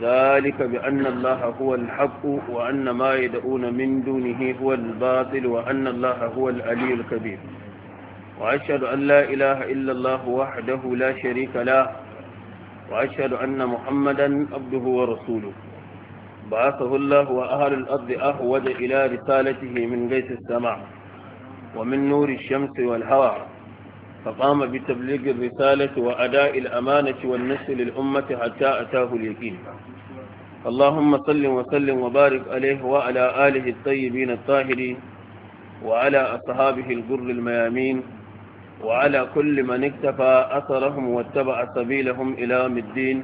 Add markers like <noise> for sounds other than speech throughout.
ذلك بأن الله هو الحق وأن ما يدعون من دونه هو الباطل وأن الله هو العلي الكبير وأشهد أن لا إله إلا الله وحده لا شريك له وأشهد أن محمدا عبده ورسوله بعثه الله وأهل الأرض أهود إلى رسالته من غيث السماء ومن نور الشمس والهوى فقام بتبليغ الرسالة وأداء الأمانة والنسل للأمة حتى أتاه اليقين اللهم صل وسلم وبارك عليه وعلى آله الطيبين الطاهرين وعلى أصحابه الجر الميامين وعلى كل من اكتفى أثرهم واتبع سبيلهم إلى الدين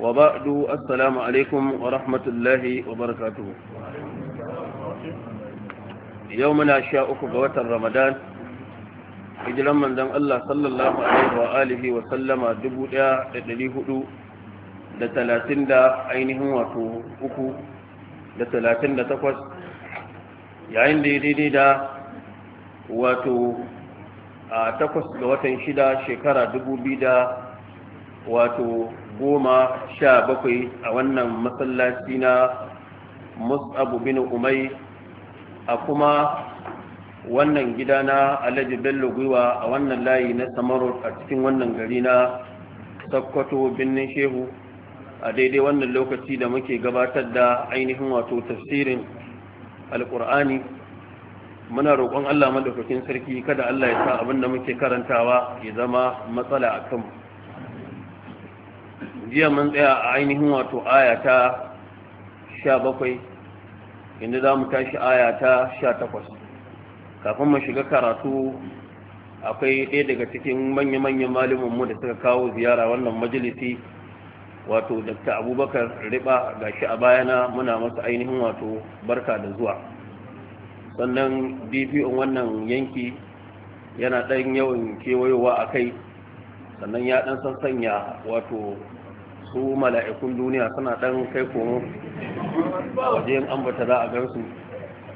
وبعد السلام عليكم ورحمة الله وبركاته يومنا شاءك قوة رمضان hijiran manzon Allah sallallahu alaihi wa alihi wa sallama 1400 da talatin da ainihin wato uku da talatin da takwas yayin da ya daidai da wato a takwas ga watan shida shekara dubu da wato goma sha bakwai a wannan masallaci na musabu bin umai a kuma wannan gida na alhaji bello gwiwa a wannan layi na samarot a cikin wannan gari na sakkwato binnin shehu a daidai wannan lokaci da muke gabatar da ainihin wato tafsirin alkur'ani muna roƙon Allah madaukakin sarki kada Allah ya sa abin da muke karantawa ya zama matsala a kanmu jiya mun tsaya a ainihin wato aya ta bakwai, inda za mu tashi aya ta takwas, kafin mu shiga karatu akwai ɗaya daga cikin manya-manyan mu da suka kawo ziyara wannan majalisi wato dr abubakar riba shi a bayana muna masa ainihin wato barka da zuwa sannan dpo wannan yanki yana ɗan yawan kewayowa a kai sannan ya ɗan san sanya wato su mala'ikun duniya suna ɗan kai komo Waje yin ambata za a gansu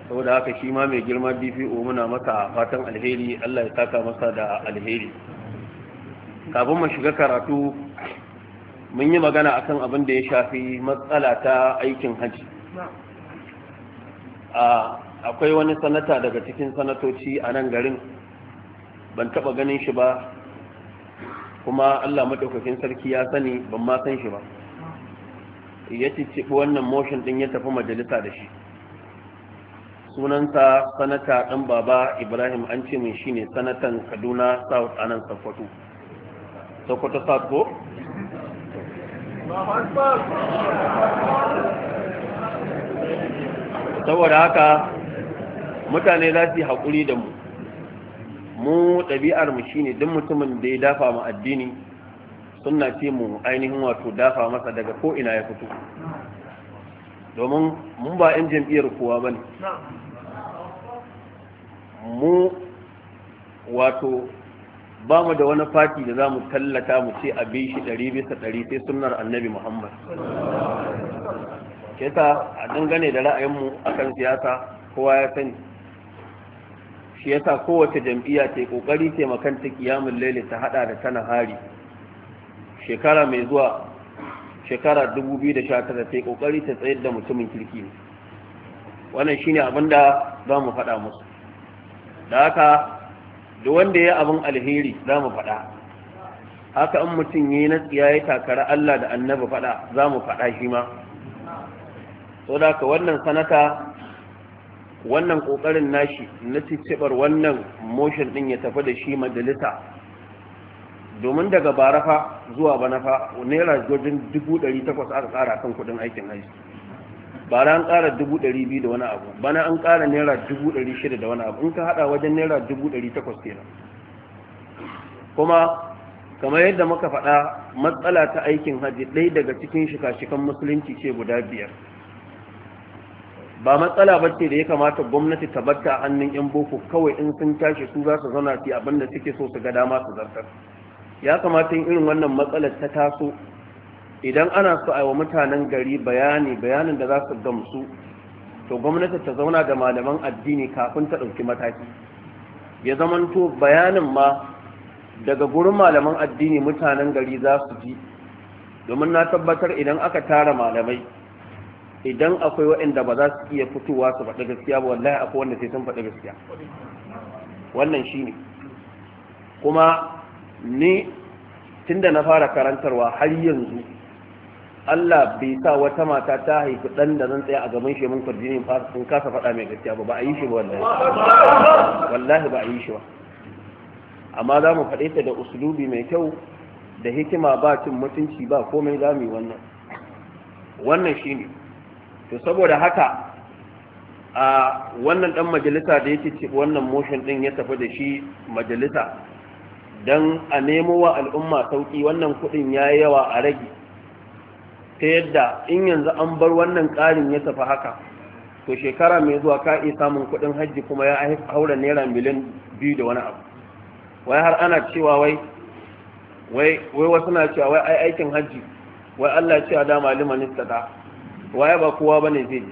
saboda haka shi ma mai girma dpo muna masa fatan alheri allah ya saka masa da alheri kafin mu shiga karatu mun yi magana akan abin da ya shafi matsala ta aikin hajji ah, akwai wani sanata daga cikin sanatoci a nan garin ban taba ganin shi ba kuma allah maɗaukakin sarki ya sani ban ma san shi ba ya ci wannan motion ɗin ya tafi majalisa da shi sunansa sanata ɗan baba ibrahim an ce mai ne sanatan kaduna south anan sokoto sokoto south ko saboda haka mutane za su yi haƙuri da mu mu ɗabi'ar mu shine duk mutumin da ya dafa mu addini suna ce mu ainihin wato dafa masa daga ko ina ya fito domin mun ba 'yan jam'iyyar kowa ba ne mu wato ba mu da wani fati da za mu tallata mu ce abin shi ɗari bisa ɗari sai sunnar annabi muhammad ke a dangane da ra'ayinmu a kan siyasa kowa ya sani shi yasa kowace jam'iyya ta yi ƙoƙari taimakon ta kiyamun laili ta haɗa da tana hari shekara mai zuwa shekara 2019 ta yi ƙoƙari ta tsayar da mutumin kirki ne wannan shine abin da za mu faɗa musu da haka da wanda ya abin alheri za mu faɗa haka in mutum yi na tsiya ya takara Allah da annabi faɗa za mu faɗa shi ma so da ka wannan sanata wannan ƙoƙarin nashi na cicibar wannan motion ɗin ya tafi da shi majalisa domin daga barafa zuwa banafa naira jirgin dubu ɗari takwas aka tsara kan kuɗin aikin aiki bara an kara dubu da wani abu bana an kara naira dubu da wani abu in ka haɗa wajen naira dubu ɗari takwas kenan kuma kamar yadda muka faɗa matsala ta aikin hajji ɗaya daga cikin shika-shikan musulunci ce guda biyar ba matsala ba ce da ya kamata gwamnati ta batta a hannun 'yan boko kawai in sun tashi su za su zana fi abinda suke so su ga dama su zartar ya kamata yin irin wannan matsalar ta taso idan ana so a wa mutanen gari bayani bayanin da za su gamsu to gwamnati ta zauna da malaman addini kafin ta ɗauki mataki ya zamanto bayanin ma daga gurin malaman addini mutanen gari za su ji domin na tabbatar idan aka tara malamai idan akwai waɗanda ba za su iya fitowa su faɗi gaskiya ba wallahi akwai wanda sai sun faɗi gaskiya wannan shi ne kuma ni tunda na fara karantarwa har yanzu Allah bai sa wata mata ta haifi dan da zan tsaya a gaban shi mun fa in kasa faɗa mai gaskiya ba ba a yi shi ba wallahi wallahi ba a yi shi ba amma za mu faɗe ta da usulubi mai kyau da hikima ba cin mutunci ba komai za mu yi wannan wannan shine to saboda haka a wannan dan majalisa da yake ci wannan motion din ya tafi da shi majalisa dan a nemo wa al'umma sauki wannan kudin yayi yawa a rage ta yadda in yanzu an bar wannan ƙarin ya tafi haka to shekara mai zuwa ka iya samun kuɗin hajji kuma ya haura naira miliyan biyu da wani abu wai har ana cewa wai wai wasu na cewa wai ai aikin hajji wai Allah cewa da malima nistata wai ba kowa ba ne zai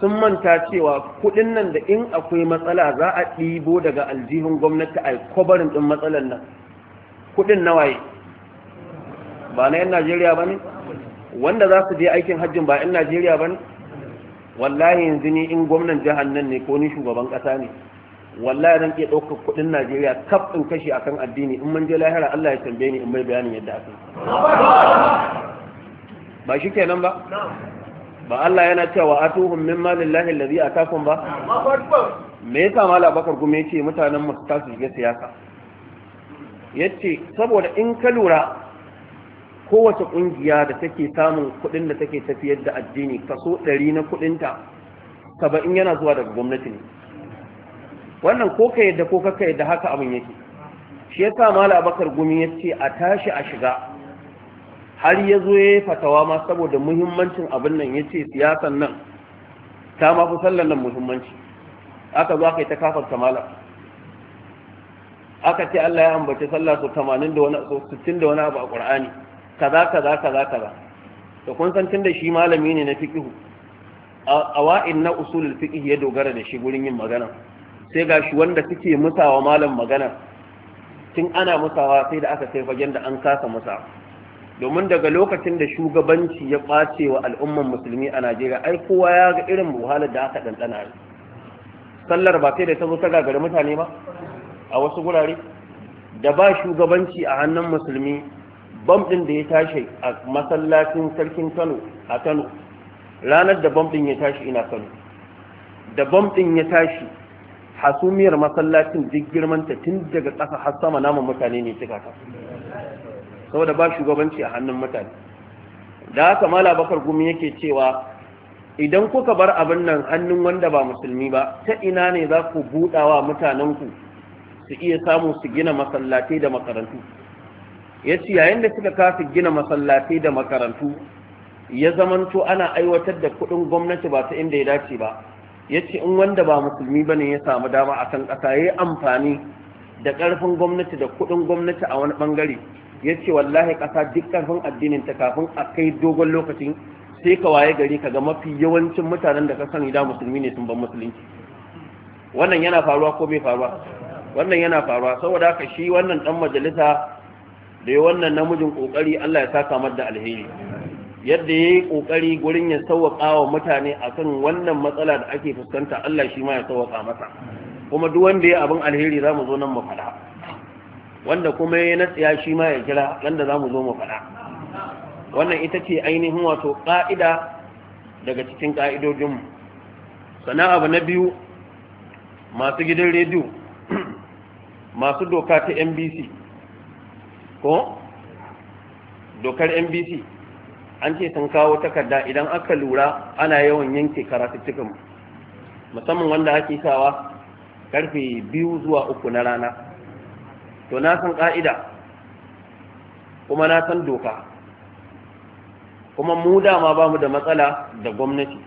sun manta cewa kuɗin nan da in akwai matsala za a ɗibo daga aljihun gwamnati a kwabarin ɗin matsalar nan kuɗin nawaye ba na 'yan najeriya ba ne wanda za su je aikin hajjin ba 'yan najeriya ba ne wallahi yanzu ni in gwamnan jihar nan ne ko ni shugaban kasa ne wallahi zan iya ɗaukar kuɗin najeriya kaf in kashe akan addini in mun je lahira allah ya tambaye ni in mai bayanin yadda aka ba shi kenan ba ba Allah yana cewa a atuhum min malillahi a atakum ba me yasa mala bakar gume ce mutanen masu ta shiga siyasa ya ce saboda in ka lura kowace ƙungiya da take samun kuɗin da take tafiyar da addini kaso ɗari na kuɗinta saba'in yana zuwa daga gwamnati ne wannan ko ka yadda ko kaka yadda haka abin yake shi ya sa mala abakar gumi ya ce a tashi a shiga har ya zo ya yi fatawa ma saboda muhimmancin abin nan ya ce siyasan nan ta ma fi sallan nan muhimmanci aka zo aka yi ta kafarta mala aka ce Allah ya ambaci sallah su 80 da wani 60 da wani abu a Qur'ani kaza kaza kaza kaza to kun san tunda shi malami ne na fiqh wa'in na usulul fiqh ya dogara da shi gurin yin magana sai gashi wanda suke musawa malam magana tun ana musawa sai da aka kai fagen da an kasa musa domin daga lokacin da shugabanci ya ɓace wa al'umman musulmi a Najeriya ai kowa ya ga irin wahalar da aka ɗanɗana sallar ba sai da ta zo ta gagari mutane ba a wasu gurare da ba shugabanci a hannun musulmi bam ɗin da ya tashi a masallacin sarkin Kano a Kano ranar da bam ɗin ya tashi ina Kano da bam ɗin ya tashi hasumiyar masallacin duk girmanta tun daga ƙasa har sama naman mutane ne cika ta saboda ba shugabanci a hannun mutane da haka mala bakar gumi yake cewa idan kuka bar abin nan hannun wanda ba musulmi ba ta ina ne za ku buɗawa mutanenku su iya samu su gina masallatai da makarantu ya ce yayin da suka kafin gina masallatai da makarantu ya zamanto ana aiwatar da kuɗin gwamnati ba ta inda ya dace ba ya ce in wanda ba musulmi ba ne ya samu dama a kan ƙasa ya yi amfani da karfin gwamnati da kuɗin gwamnati a wani ɓangare ya ce wallahi ƙasa duk ƙarfin addinin ta kafin a kai dogon lokaci sai ka waye gari ka ga mafi yawancin mutanen da ka sani da musulmi ne sun ban musulunci wannan yana faruwa ko bai faruwa wannan yana faruwa saboda haka shi wannan dan majalisa da wannan namijin kokari Allah ya saka mar da alheri yadda yayi kokari gurin ya sauwaka wa mutane akan wannan matsala da ake fuskanta Allah shi ma ya sauwaka masa kuma duk wanda ya abin alheri za zo nan mu faɗa wanda kuma yayi natsiya shi ma ya kira wanda za mu zo mu faɗa wannan ita ce ainihin wato ƙa'ida daga cikin ƙa'idodinmu sana abu na biyu masu gidan rediyo <clears throat> masu doka ta nbc ko dokar nbc an ce sun kawo takarda idan aka lura ana yawan yanke karatuttukan musamman wanda ake sawa karfe biyu zuwa uku na rana to na san ka'ida kuma na san doka kuma mu dama ba mu da matsala da gwamnati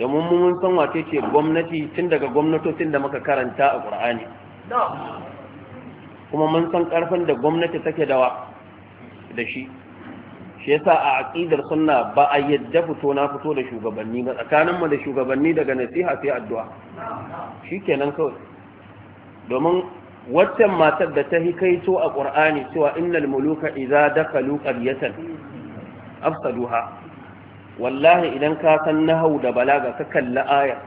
domin mun san wace ce gwamnati tun daga gwamnatocin da muka karanta a ƙur'ani kuma mun san karfin da gwamnati take dawa da shi shi yasa a aqidar sunna ba a yadda fito na fito da shugabanni ba tsakanin mu da shugabanni daga nasiha sai addu'a shikenan kawai domin waccan matar da ta hikaito a qur'ani cewa innal muluka idza dakalu qaryatan afsaduha wallahi idan ka san nahau da balaga ka kalla aya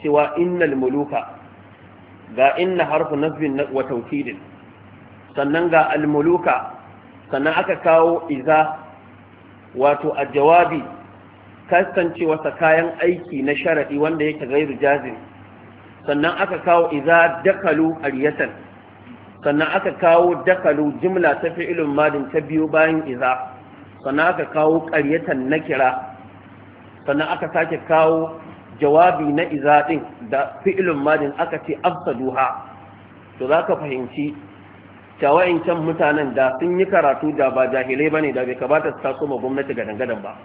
cewa innal muluka ga inna harfu nasbin wa tawkidin sannan ga almuluka sannan aka kawo iza wato a jawabi wasa kayan aiki na sharaɗi wanda yake gairu jazin sannan aka kawo iza dakalu ariyatan sannan aka kawo dakalu jimla ta fi'ilun madin ta biyu bayan iza sannan aka kawo ƙaryatan na kira sannan aka sake kawo jawabi na iza ɗin da fi'ilun madin aka ce afsaduha to za ka fahimci cewa can mutanen da sun yi karatu da ba jahilai bane da bai kamata su taso ma gwamnati ga dangadan ba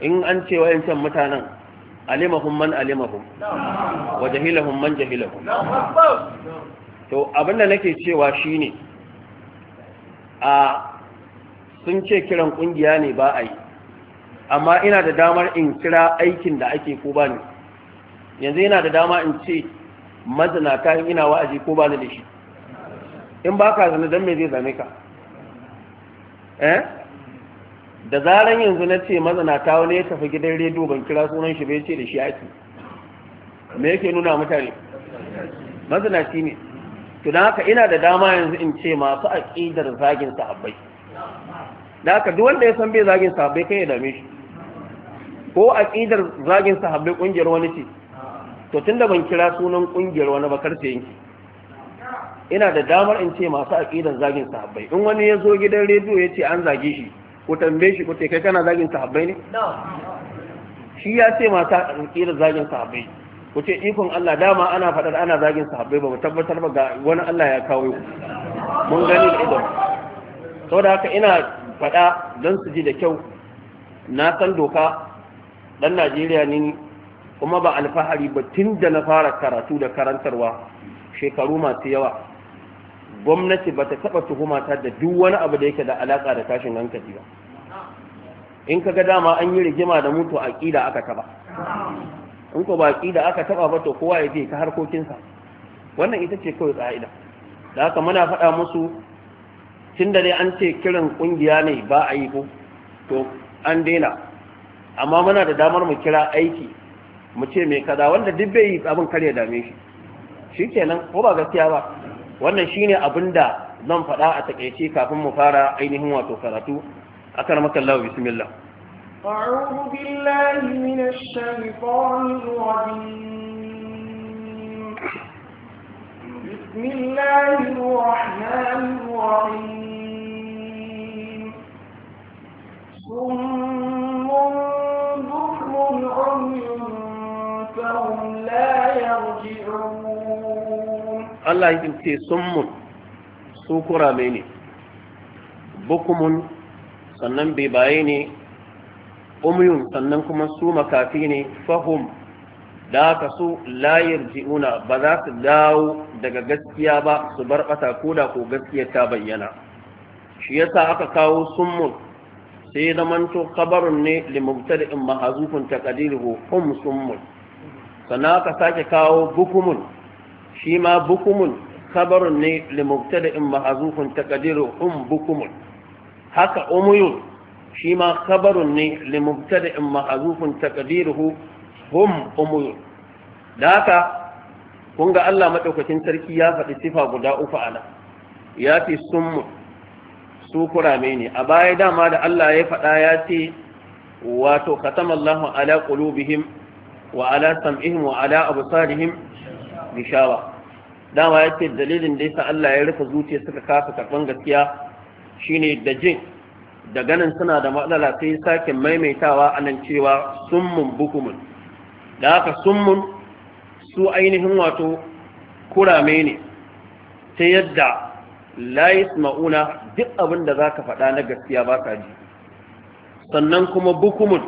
in an ce can mutanen alimahum man alimahum wa jahilahum man jahilahum to abinda nake cewa shine a sun ce kiran kungiya ne ba a yi amma ina da damar in kira aikin da ake ko ba ni yanzu yana da dama in ce mazinata ina wa'azi ko ba ni da shi in ba ka zina don me zai zame ka eh da zaran yanzu na ce mazanata wani ya tafi gidan rediyo ban kira sunan shi bai ce da shi ake me yake nuna mutane mazanaci ne to don haka ina da dama yanzu in ce masu aƙidar zagin sahabbai da haka duk wanda ya san bai zagin sahabbai kai ya dame shi ko aƙidar zagin sahabbai ƙungiyar wani ce to tunda ban kira sunan ƙungiyar wani ba karce yanki ina da damar in ce masu aƙidar zagin sahabbai in wani ya zo gidan rediyo ya ce an zage shi ku tambaye shi ku ce kai kana zagin sahabbai ne shi ya ce masu aƙidar zagin sahabbai ku ce ikon Allah dama ana faɗar ana zagin sahabbai ba mu tabbatar ba ga wani Allah ya kawo mun gani da idan saboda haka ina faɗa don su ji da kyau na san doka ɗan Najeriya ne kuma ba alfahari ba tun da na fara karatu da karantarwa shekaru masu yawa gwamnati ba ta taɓa tuhumata da duk wani abu da yake da alaka da tashin hankali ba in ka ga dama an yi rigima da mutu a ƙida aka taɓa in ko ba ƙida aka taba ba to kowa ya je ta harkokinsa wannan ita ce kawai tsa'ida da haka muna faɗa musu tun da dai an ce kiran ƙungiya ne ba a yi ko to an daina amma muna da damar mu kira aiki mu ce mai kaza wanda duk bai yi abin kar ya dame shi Shi kenan ko ba gaskiya ba wannan shine abinda zan faɗa a takeice kafin mu fara ainihin wato karatu akan makallahu bismillah a'udhu billahi minash الشيطان rajim bismillahir rahmanir rahim الرحيم صم بكم عمي فهم لا يرجعون Allah ya ce summun su kurame ne bukumun sannan bebaye ne umyun sannan kuma su makafi ne fahum da aka su layar ji'una ba za su dawo daga gaskiya ba su bar ɓata ko da ko gaskiya ta bayyana shi yasa aka kawo summun sai zamanto kabarun ne in mahazufin takadiru hum summun sannan aka sake kawo bukumun shi ma bukumun khabarun ne limubtada'in mahazufun takadiru, um bukumun haka umuyun shi ma khabarun ne limubtada'in mahazufun takadiru, hum umuyun da haka kun ga Allah maɗaukacin sarki ya faɗi sifa guda uku ana ya fi summu su kurame ne a baya dama da Allah ya faɗa ya ce wato khatamallahu ala qulubihim wa ala sam'ihim wa ala absarihim rishawa dama ya ce dalilin da yasa Allah ya rufe zuciya suka kasa karban gaskiya shine da jin da ganin suna da matsala sai sake maimaitawa anan cewa summun bukumun da haka summun su ainihin wato kurame ne ta yadda la yasma'una duk abin da zaka faɗa na gaskiya ba ka ji sannan kuma bukumun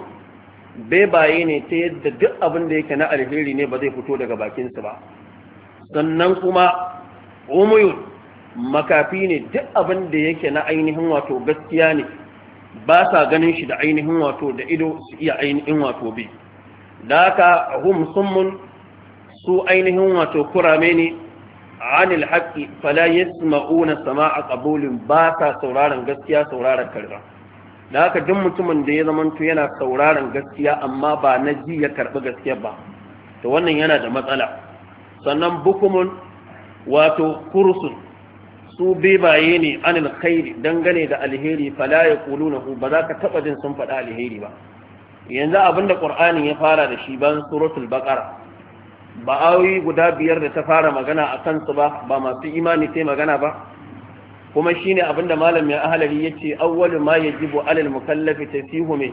bebaye ne ta yadda duk abin da yake na alheri ne ba zai fito daga bakinsu ba sannan kuma umuyun makafi ne duk abin da yake na ainihin wato gaskiya ne ba sa ganin shi da ainihin wato da ido su iya ainihin wato bi da aka hum su ainihin wato kurame ne anil haqqi ma'una sama a ƙabulin ba sa sauraron gaskiya sauraron karɓa da aka duk mutumin da ya zamanto yana sauraron gaskiya amma ba na ji ya karɓi gaskiya ba to wannan yana da matsala sannan bukumun wato kursun su bebaye ne anil khairi dangane da alheri fala ya kulu ku. ba za ka taɓa jin sun faɗa alheri ba yanzu abin da ƙur'ani ya fara da shi ban suratul baƙara ba ayoyi guda biyar da ta fara magana a kansu ba ba masu imani sai magana ba kuma shine abin da malam ya ahalari ya ce awwalu ma ya yajibu alal mukallafi tasihu mai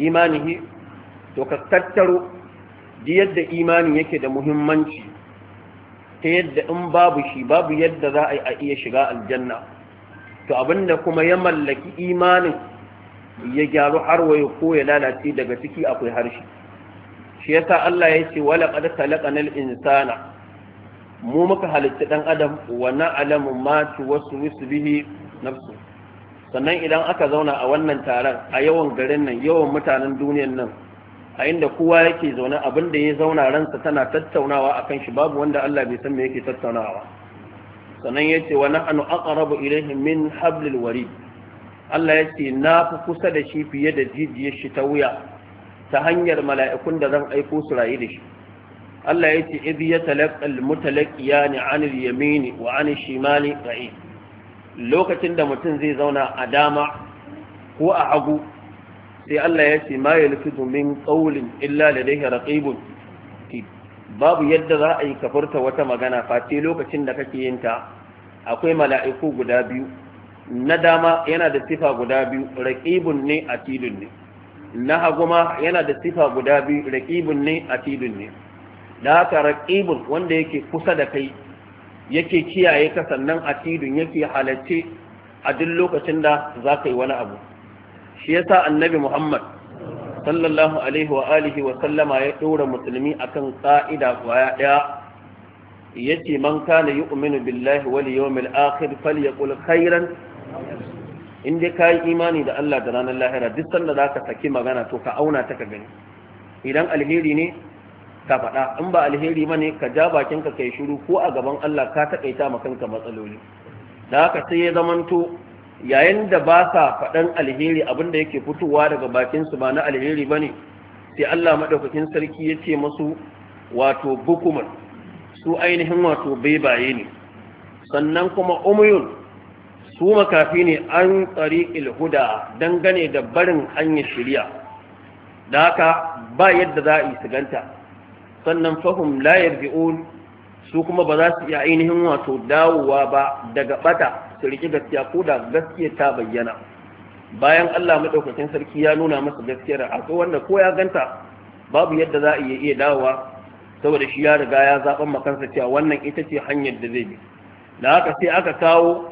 imanihi to ka tattaro di yadda imani yake da muhimmanci ta yadda in babu shi babu yadda za a iya shiga aljanna to abinda kuma ya mallaki imanin ya gyaru har waye ko ya lalace daga ciki akwai harshe shi yasa Allah ya ce wala qad al insana mu muka halitta dan adam wa na'lamu ma tuwaswisu bihi nafsu sannan idan aka zauna a wannan taron a yawan garin nan yawan mutanen duniyar nan a inda kowa yake zaune abin da ya zauna ransa tana tattaunawa akan shi babu wanda Allah bai san me yake tattaunawa sannan ya ce wa na'anu aqrabu ilayhi min hablil warid Allah ya ce na fi kusa da shi fiye da jijiyar shi ta wuya ta hanyar mala'ikun da zan aiko su rayu da shi Allah ya ce idh yatalaqal mutalaqiyani 'anil yamini wa 'anil shimali ra'i lokacin da mutum zai zauna a dama ko a hagu sai Allah ya ce ma nufi domin tsaulin illa da ladayhi raqibun babu yadda za a yi kafarta wata magana face lokacin da kake yin ta akwai mala'iku guda biyu na dama yana da sifa guda biyu raqibun ne atidun ne na haguma yana da sifa guda biyu raqibun ne atidun ne da haka raqibun wanda yake kusa da kai yake kiyaye ka sannan a tidun yake halarci, a duk lokacin da za ka yi wani abu shi yasa annabi Muhammad sallallahu alaihi wa alihi wa sallama ya ɗora musulmi akan ƙa'ida kwaya ɗaya yace man kana uminu billahi wal mil akhir falyaqul khairan in dai kayi imani da Allah da ranar lahira duk sanda zaka saki magana to ka auna ta ka gani idan alheri ne ka faɗa in ba alheri ba ne ka ja bakin ka kai shiru ko a gaban Allah ka taƙaita ma kanka matsaloli da haka sai ya zamanto yayin da ba sa faɗan alheri abinda yake fitowa daga bakinsu ba na alheri ba ne sai Allah maɗaukakin sarki ya ce masu wato bukumar su ainihin wato baibaye ne sannan kuma umuyun su makafi ne an tsari ilhuda dangane da barin hanyar shirya da haka ba yadda za a yi su ganta sannan fahim layar bi'un su kuma ba za su iya ainihin wato dawowa ba daga bata su riƙe gaskiya ko da gaskiya ta bayyana bayan Allah madaukakin sarki ya nuna masa gaskiyar a ko wanda ko ya ganta babu yadda za a iya dawowa saboda shi ya riga ya zaɓan makansa cewa wannan ita ce hanyar da zai bi da haka sai aka kawo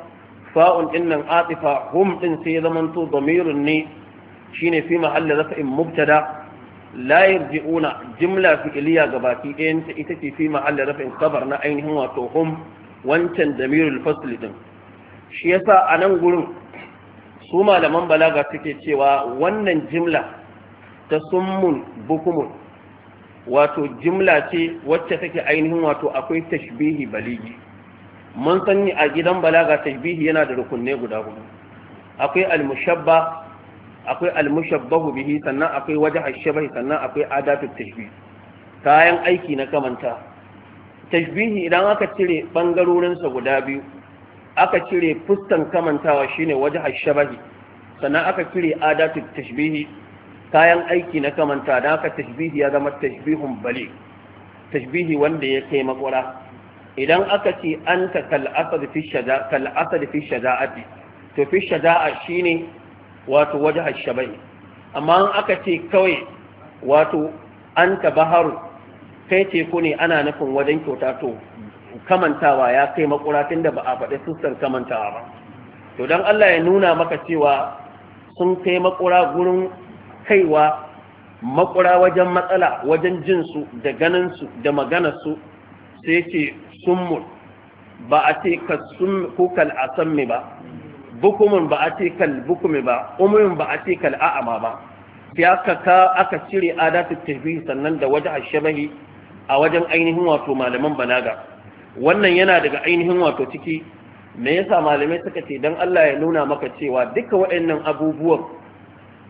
fa'un ɗin nan atifa hum ɗin sai zamanto domirin ne shine fi mahalla in mubtada la yarji'una jimla fi'iliya ga ɗayan ta ita ce fi mahalla in khabar na ainihin wato hum wancan damirul fasl din shi yasa a nan gurin su malaman balaga suke cewa wannan jimla ta summun bukumun wato jimla ce wacce take ainihin wato akwai tashbihi baligi mun sani a gidan balaga tashbihi yana da rukunne guda hudu akwai almushabba akwai almushabbahu bihi sannan akwai wajh ash-shabahi sannan akwai adatu tashbih kayan aiki na kamanta tashbihi idan aka cire bangarorin sa guda biyu aka cire fuskan kamantawa shine waje shabahi sannan aka cire adatu tashbihi kayan aiki na kamanta da aka tashbihi ya zama tashbihun bali tashbihi wanda ya kai makwara idan aka ce anta kal asad fi shaja kal asad fi shaja'ati to fi shaja'a shine wato waje shabahi amma an aka ce kawai wato anta baharu kai teku ne ana nufin wajen kyauta to kamantawa ya kai makura da ba a faɗi sussan kamantawa ba to don Allah ya nuna maka cewa sun kai makura gurin kaiwa makura wajen matsala wajen jinsu da ganinsu da maganarsu sai ce summun ba a ce ka sun kukal a sammi ba bukumin ba a ce kal bukumi ba umurin ba a ce kal a'ama ba Ya kaka aka cire adatu tafi sannan da waje shabahi a wajen ainihin wato malaman balaga wannan yana daga ainihin wato ciki me yasa malamai suka ce dan Allah ya nuna maka cewa duka waɗannan abubuwan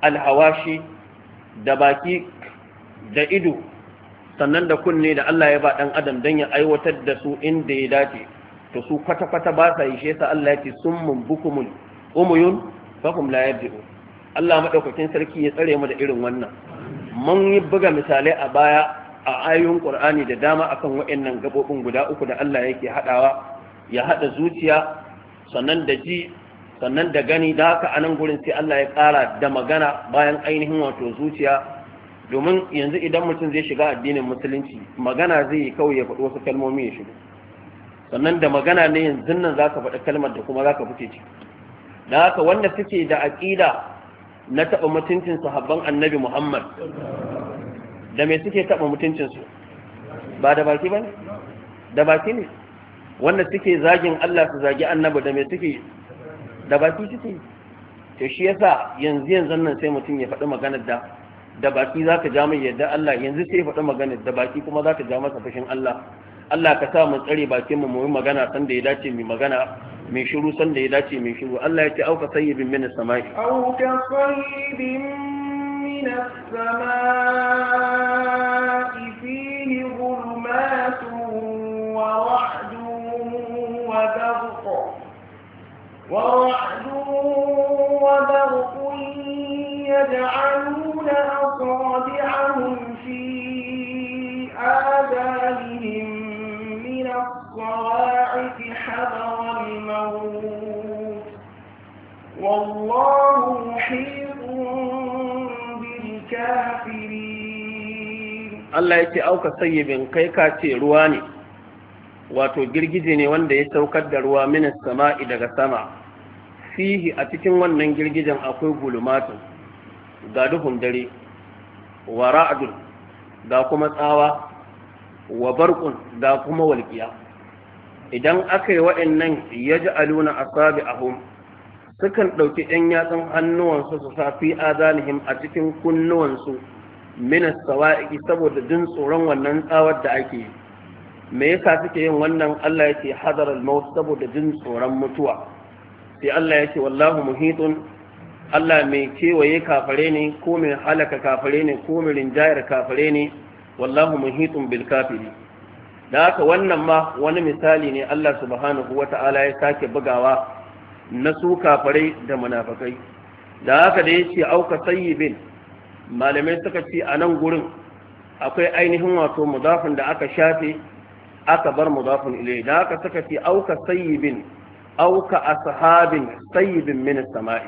alhawashi da baki da ido sannan da kunne da Allah ya ba dan adam dan ya aiwatar da su inda ya dace to su kwata kwata ba sa yi shesa. Allah ya ce summun bukumul umuyun fakum la yabdu Allah madaukakin sarki ya tsare mu da irin wannan mun yi buga misalai a baya a ayoyin Qur'ani da dama akan waɗannan gabobin guda uku da Allah yake hadawa ya hada zuciya sannan da ji sannan da gani da haka a nan gurin sai Allah ya ƙara da magana bayan ainihin wato zuciya domin yanzu idan mutum zai shiga addinin musulunci magana zai yi kawai ya faɗi wasu kalmomi ya shiga. sannan da magana ne yanzu nan za ka faɗi kalmar da kuma za ka fice ci da haka wanda suke da aƙida na taɓa mutuncin sahabban annabi muhammad da me suke taɓa mutuncinsu ba da baki ba ne da baki ne wanda suke zagin Allah su zagi annabi da me suke da baki suke to shi yasa yanzu yanzu nan sai mutum ya faɗi magana da da baki za ka ja mai yadda Allah yanzu sai ya faɗi magana. da baki kuma za ka ja masa fushin Allah Allah ka sa mu tsare bakin mu mu magana san da ya dace mu magana mai shiru san da ya dace mai shiru Allah ya ce auka sayyibin min samai auka sayyibin من السماء فيه ظلمات ورعد وبرق ورعد وبرق يجعلون أطلاق Allah ya ce auka sayyibin kai ka ce ruwa ne wato girgije ne wanda ya saukar da ruwa min sama'i daga sama fihi a cikin wannan girgijen akwai gulumatun ga duhun dare wa ra'adun ga kuma tsawa wa barqun ga kuma walqiya idan aka yi wa'annan yaj'aluna asabi'ahum sukan ɗauki ɗan yatsun hannuwansu su sa fi adanihim a cikin kunnuwansu min as-sawa'i saboda jin tsoron wannan tsawar da ake yi me yasa suke yin wannan Allah yake hadar al-maut saboda jin tsoron mutuwa sai Allah yake wallahu muhitun Allah mai kewaye kafare ne ko mai halaka kafare ne ko mai rinjayar kafare ne wallahu muhitun bil kafiri da haka wannan ma wani misali ne Allah subhanahu wata'ala ya sake bugawa na su kafare da munafikai da haka da yace auka sayyibin malamai suka ce a nan gurin akwai ainihin wato mudafin da aka shafe aka bar mudafin ilai da aka suka ce auka sayyibin auka ashabin sayyibin min sama'i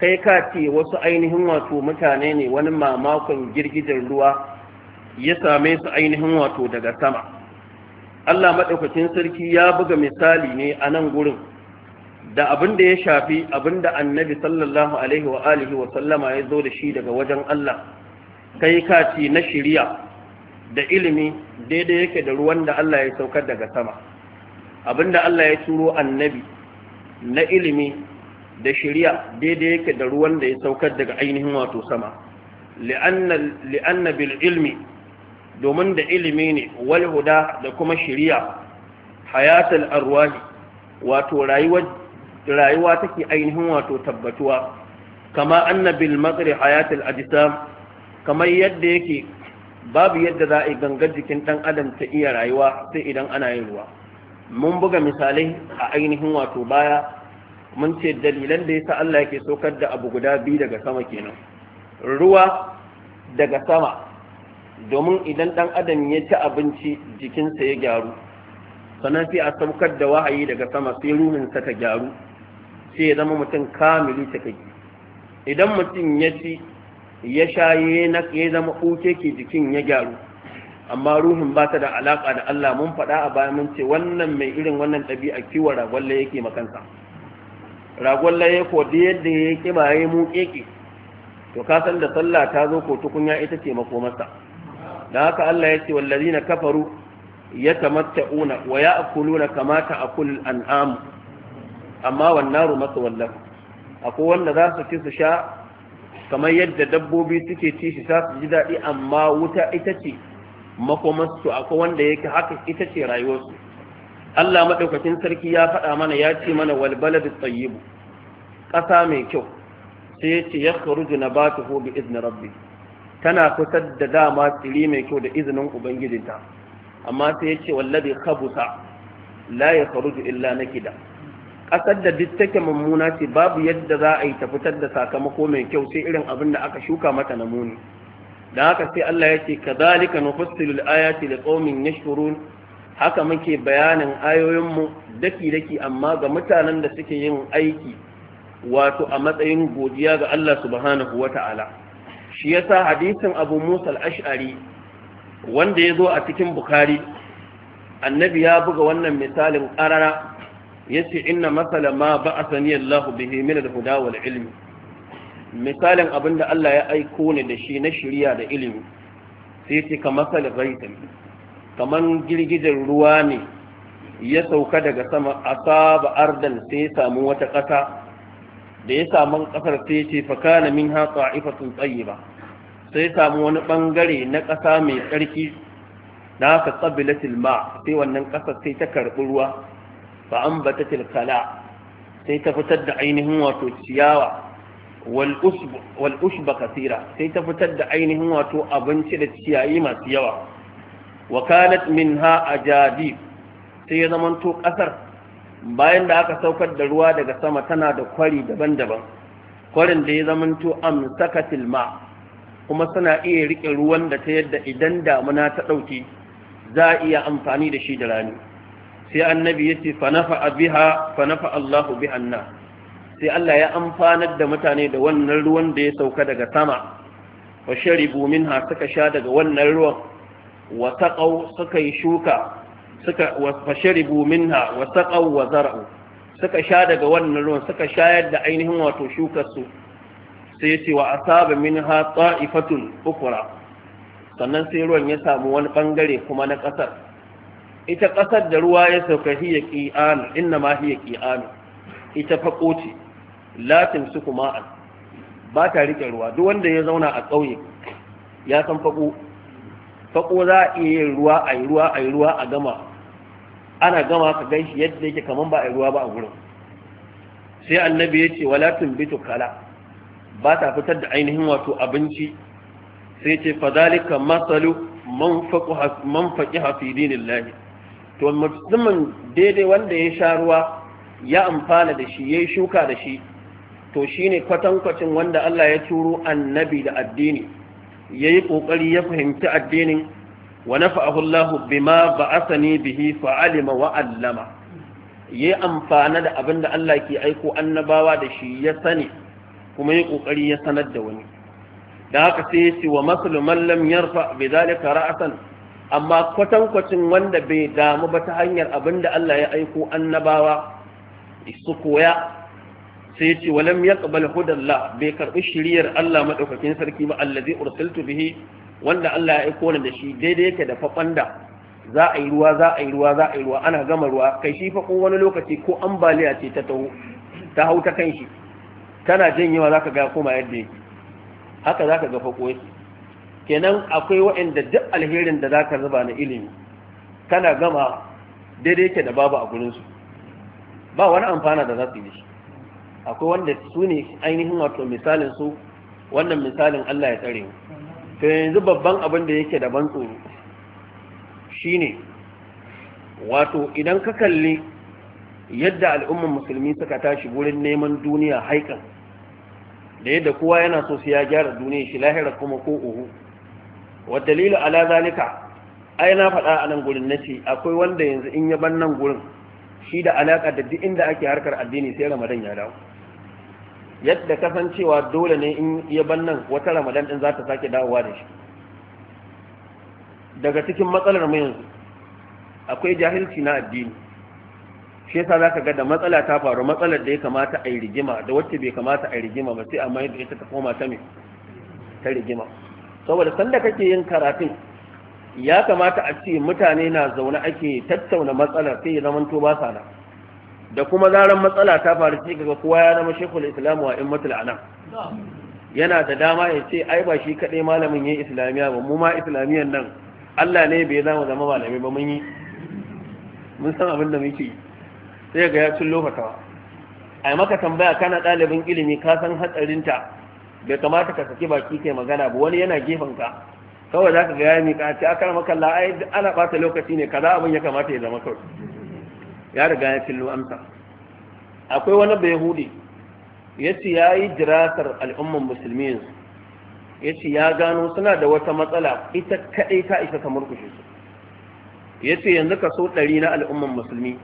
kai ka ce wasu ainihin wato mutane ne wani mamakon girgijar ruwa ya same su ainihin wato daga sama Allah maɗaukacin sarki ya buga misali ne a nan gurin da abin da ya shafi abin da annabi sallallahu alaihi wa alihi wa sallama ya zo da shi daga wajen Allah kai kaci na shiriya da ilimi daidai yake da ruwan da Allah ya saukar daga sama abin da Allah ya turo annabi na ilimi da shiriya daidai yake da ruwan da ya saukar daga ainihin wato sama li'anna bil ilmi domin da ilimi ne wal huda da kuma shiriya hayatul arwahi wato rayuwar rayuwa take ainihin wato tabbatuwa kama annabil matsari hayatul ajisam kamar yadda yake babu yadda za a yi gangar jikin ɗan adam ta iya rayuwa sai idan ana yin ruwa mun buga misalai a ainihin wato baya mun ce dalilan da yasa Allah yake saukar da abu guda biyu daga sama kenan ruwa daga sama domin idan ɗan adam ya ci abinci jikinsa ya gyaru sannan sai a saukar da wahayi daga sama sai ruhinsa ta gyaru sai ya zama mutum kamili kai idan mutum ya ci ya sha ya zama uke ke jikin ya gyaru amma ruhin ba ta da alaƙa da Allah mun faɗa a bayan mun ce wannan mai irin wannan ɗabi'a kiwa ragwalle yake makansa ragwalle ya ko da yadda ya ba ya mu ƙeƙe to ka san da sallah ta zo ko tukunya ita ce makomarsa da haka Allah ya ce wallazina kafaru ya yatamatta'una wa ya'kuluna kamata akul an'amu amma wannan masa wallan akwai wanda za su ci su sha kamar yadda dabbobi suke ci shi sa su ji daɗi amma wuta ita ce makomarsu akwai wanda yake haka ita ce rayuwarsu Allah maɗaukacin sarki ya faɗa mana ya ce mana walbaladu tsayibu ƙasa mai kyau sai ya ce ya kharuju na ba ko bi izinin rabbi tana fitar da dama tsiri mai kyau da izinin ubangijinta amma sai ya ce wallabi kabusa la ya kharuju illa na kida ƙasar da duk take mummuna ce babu yadda za a yi ta fitar da sakamako mai kyau sai irin abin da aka shuka mata na muni da haka sai Allah ya ce kadhalika nufassilu al-ayati liqaumin yashkurun haka muke bayanin ayoyinmu daki daki amma ga mutanen da suke yin aiki wato a matsayin godiya ga Allah subhanahu wata'ala shi yasa hadisin Abu Musa al-Ash'ari wanda ya zo a cikin Bukhari annabi ya buga wannan misalin ƙarara yace inna masala ma ba'athani Allahu bihi min al-huda wal ilmi misalin abinda Allah ya aiko ne da shi na shiriya da ilimi sai yace ka masal ghaitin kaman girgijin ruwa ne ya sauka daga sama asaba ardan sai ya samu wata ƙasa da ya samu ƙasar sai yace fa kana minha qa'ifatun tayyiba sai samu wani bangare na kasa mai tsarki da ka tsabilatil ma sai wannan kasar sai ta karɓi ruwa fa ambatatil khala sai ta fitar da ainihin wato ciyawa wal ushba kasira sai ta fitar da ainihin wato abinci da ciyayi masu yawa wa kanat minha ajadib sai ya zamanto ƙasar, bayan da aka saukar da ruwa daga sama tana da kwari daban-daban kwarin da ya zamanto amsakatil tilma kuma suna iya rike ruwan da ta yadda idan damuna ta ɗauki, za a iya amfani da shi da rani sai annabi ya ce fanafa biha fanafa Allahu biha na sai Allah ya amfanar da mutane da wannan ruwan da ya sauka daga sama wa sharibu minha suka sha daga wannan ruwan wa taqaw suka yi shuka suka wa sharibu minha wa taqaw wa zar'u suka sha daga wannan ruwan suka shayar da ainihin wato shukar su sai ya ce wa asaba minha ta'ifatun ukra sannan sai ruwan ya samu wani bangare kuma na kasar ita ƙasar da ruwa ya sauka hiya ƙi'anu inna ma hiya ƙi'anu ita faƙo ce latin su kuma ba ta riƙe ruwa duk wanda ya zauna a ƙauye ya san faƙo faƙo za a iya yin ruwa a yi ruwa a yi ruwa a gama ana gama ka gan shi yadda yake kamar ba a yi ruwa ba a gurin sai annabi ya ce wala bitu kala ba ta fitar da ainihin wato abinci sai ce fadalika masalu man faqiha fi dinillahi to mutumin daidai wanda ya sha ruwa ya amfana da shi ya yi shuka da shi to shi ne kwatankwacin wanda Allah ya turo annabi da addini ya yi ƙoƙari ya fahimci addinin wa nafa'ahu Allah bima ba'athani bihi fa'alima wa 'allama yayi amfana da abin da Allah ke aiko annabawa da shi ya sani kuma ya ƙoƙari ya sanar da wani da haka sai ya wa masalu man lam yarfa bi dhalika ra'san amma kwatankwacin wanda bai damu ba ta hanyar abin da Allah ya aiko annabawa su koya sai ce walam yaqbal hudallah bai karbi shiriyar Allah maɗaukakin sarki ba allazi ursiltu bihi wanda Allah ya aiko ni da shi daidai yake da fafanda za a yi ruwa za a yi ruwa za a yi ruwa ana gama ruwa kai shi fa ko wani lokaci ko ambaliya ce ta taho ta hau ta kan shi tana janyewa zaka ga koma yadda yake haka zaka ga ko yake kenan akwai waanda duk alherin da zaka zuba na ilimi kana gama daidai ke da babu a gurinsu ba wani amfana da za su yi akwai wanda su ne ainihin wato misalin su wannan misalin Allah ya tsare mu to yanzu babban abin da yake da ban tsoro shine wato idan ka kalli yadda al'umman musulmi suka tashi wurin neman duniya haikan da yadda kowa yana so su ya gyara duniya shi lahira kuma ko uhu wa dalilu ala zalika ai na faɗa a nan gurin nace akwai wanda yanzu in ya ban nan gurin shi da alaka da duk inda ake harkar addini sai ramadan ya dawo yadda kasancewa dole ne in ya ban nan wata ramadan din za ta sake dawowa da shi daga cikin matsalar mu yanzu akwai jahilci na addini shi yasa zaka ga da matsala ta faru matsalar da ya kamata a yi rigima da wacce bai kamata a yi rigima ba sai amma yadda ita ta koma ta me ta rigima saboda sanda kake yin karatun ya kamata a ce mutane na zaune ake tattauna matsala sai ya zama to ba sa da kuma zaran matsala ta faru sai ga kowa ya zama shekul islam wa immatul anan. yana da dama ya ce ai ba shi kadai malamin yayin islamiya ba mu ma islamiyan nan Allah ne bai zama zama malami ba mun yi mun san abin da muke sai ga ya cin lokatawa ai maka tambaya kana ɗalibin ilimi ka san hatsarinta bai kamata ka saki baki kai magana ba wani yana gefen ka kawai zaka ga ya ka ce akar makalla ai ana bata lokaci ne kaza abin ya kamata ya zama kawai ya riga ya fillo amsa akwai wani bai hudi ya ce ya yi jirasar al'umman musulmi yanzu ya ya gano suna da wata matsala ita kaɗai ta isa ta murkushe su yace yanzu kaso ɗari na al'umman musulmi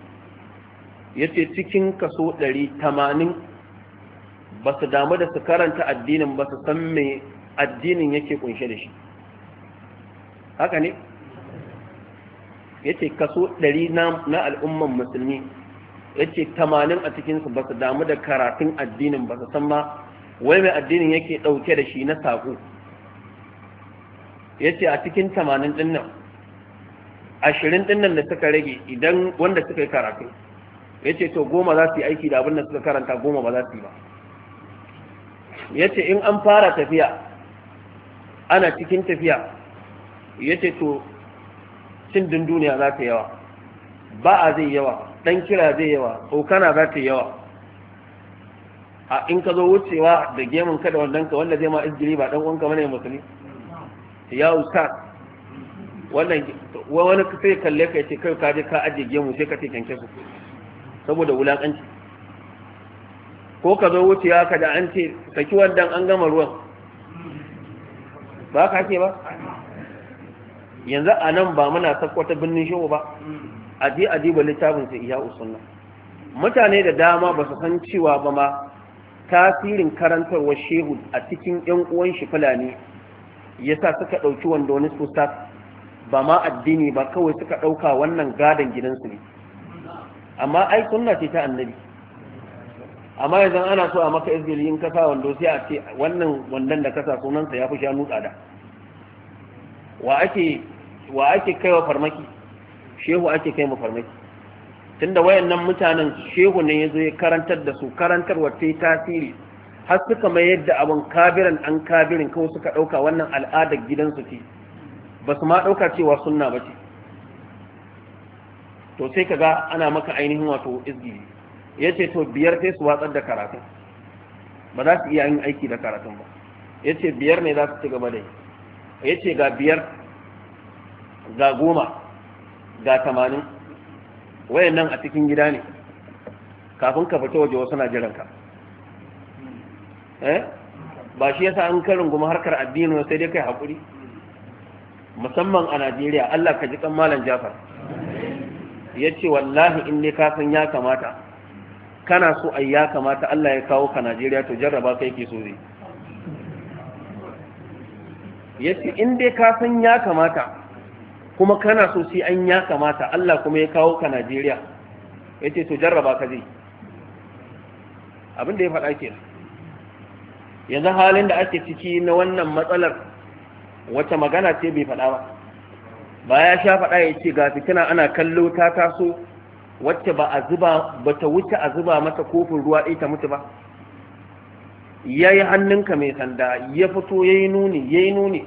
ya ce cikin kaso ɗari tamanin ba su damu da su karanta addinin ba su san me addinin yake kunshe da shi haka ne yace kaso 100 na al'umman musulmi yace 80 a cikin su ba su damu da karatun addinin ba su san ma wai mai addinin yake dauke da shi na sako yace a cikin 80 din nan 20 din nan da suka rage idan wanda suka yi karatu yace to goma za su yi aiki da abin da suka karanta goma ba za su yi ba Ya ce in an fara tafiya ana cikin tafiya ya ce to cin dunduniya za ta yawa ba'a zai yawa dan kira zai yawa tsokana za ta yawa a in ka zo wucewa da gemun ka da wannan ka wanda zai ma izgiri ba dan uwanka bane musulmi ya ustaz wannan wani sai kalle ka ce kai ka je ka aje gemu sai ka ce kyanke ku, saboda wulakanci ko ka zo wucewa ka da an ce saki wannan an gama ruwan ba ka ce ba yanzu a nan ba muna sakwata birnin shehu ba a je a diba littafin sai iya usunna mutane da dama ba su san cewa ba ma tasirin karantarwar shehu a cikin yan uwan shi fulani sa suka ɗauki wanda wani su ba ma addini ba kawai suka ɗauka wannan gadon gidansu ne amma ai sunna ce ta annabi amma yanzu ana so a maka izgili yin kasa wando sai a ce wannan wandon da kasa sunansa ya fi shanu tsada wa ake kai wa farmaki shehu ake kai mu farmaki tunda wayannan mutanen shehu ne ya zo ya karantar da su wa ta yi tasiri har suka mai yadda abin kabiran an kabirin kawai suka ɗauka wannan al'adar gidansu ce ba su ma ɗauka cewa sunna ba ce to sai ka ga ana maka ainihin wato izgili ya ce to biyar sai su watsar da karatun ba za su iya yin aiki da karatun ba ya ce biyar ne za su ci gaba da yi ya ce ga biyar ga goma ga tamanin wayan nan a cikin gida ne kafin ka fita waje wasu na jiranka eh? ba shi yasa an karin goma harkar addini sai dai kai haƙuri musamman a najeriya allah ka ji kan malam jafar ya ce wallahi in ne kafin ya kamata kana so a ya kamata Allah ya kawo ka Najeriya to jarraba kai ke so zai yace in dai ka san ya kamata kuma kana so sai an ya kamata Allah kuma ya kawo ka Najeriya yace to jarraba ka zai abin da ya faɗa kenan yanzu halin da ake ciki na wannan matsalar wacce magana ce bai faɗa ba ba ya sha faɗa ya ce ga fitina ana kallo ta taso wacce ba a zuba ba ta wuce a zuba mata kofin ruwa ɗaya ta mutu ba ya yi hannunka mai sanda ya fito ya yi nuni ya yi nuni